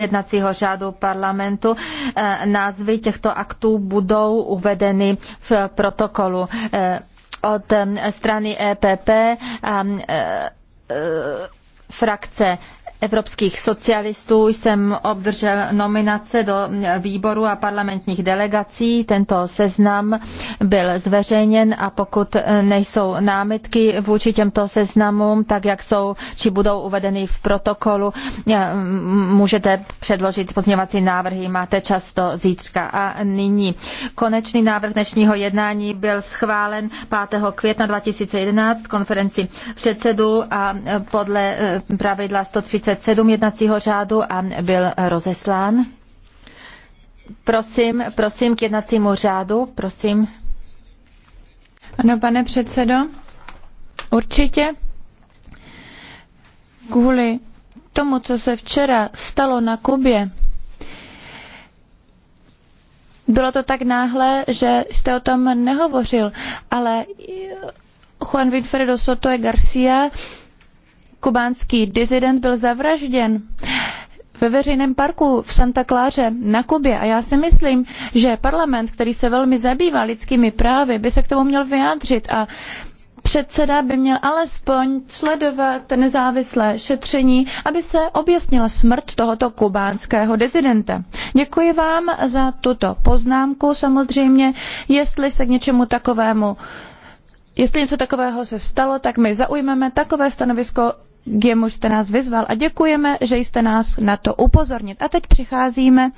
jednacího řádu parlamentu. E, názvy těchto aktů budou uvedeny v protokolu. E, od e, strany EPP frakce evropských socialistů jsem obdržel nominace do výboru a parlamentních delegací. Tento seznam byl zveřejněn a pokud nejsou námitky vůči těmto seznamům, tak jak jsou či budou uvedeny v protokolu, eh, můžete předložit pozměvací návrhy, máte čas do zítřka. A nyní konečný návrh dnešního jednání byl schválen 5. května 2011 konferenci předsedů a eh, podle eh, pravidla 130 37 jednacího řádu a byl rozeslán. Prosím, prosím k jednacímu řádu, prosím. Ano, pane předsedo, určitě. Kvůli tomu, co se včera stalo na Kubě, bylo to tak náhle, že jste o tom nehovořil, ale Juan Winfredo Soto Garcia kubánský dizident byl zavražděn ve veřejném parku v Santa Cláře na Kubě. A já si myslím, že parlament, který se velmi zabývá lidskými právy, by se k tomu měl vyjádřit a předseda by měl alespoň sledovat nezávislé šetření, aby se objasnila smrt tohoto kubánského dizidenta. Děkuji vám za tuto poznámku. Samozřejmě, jestli se k něčemu takovému Jestli něco takového se stalo, tak my zaujmeme takové stanovisko, k jemuž jste nás vyzval a děkujeme, že jste nás na to upozornit. A teď přicházíme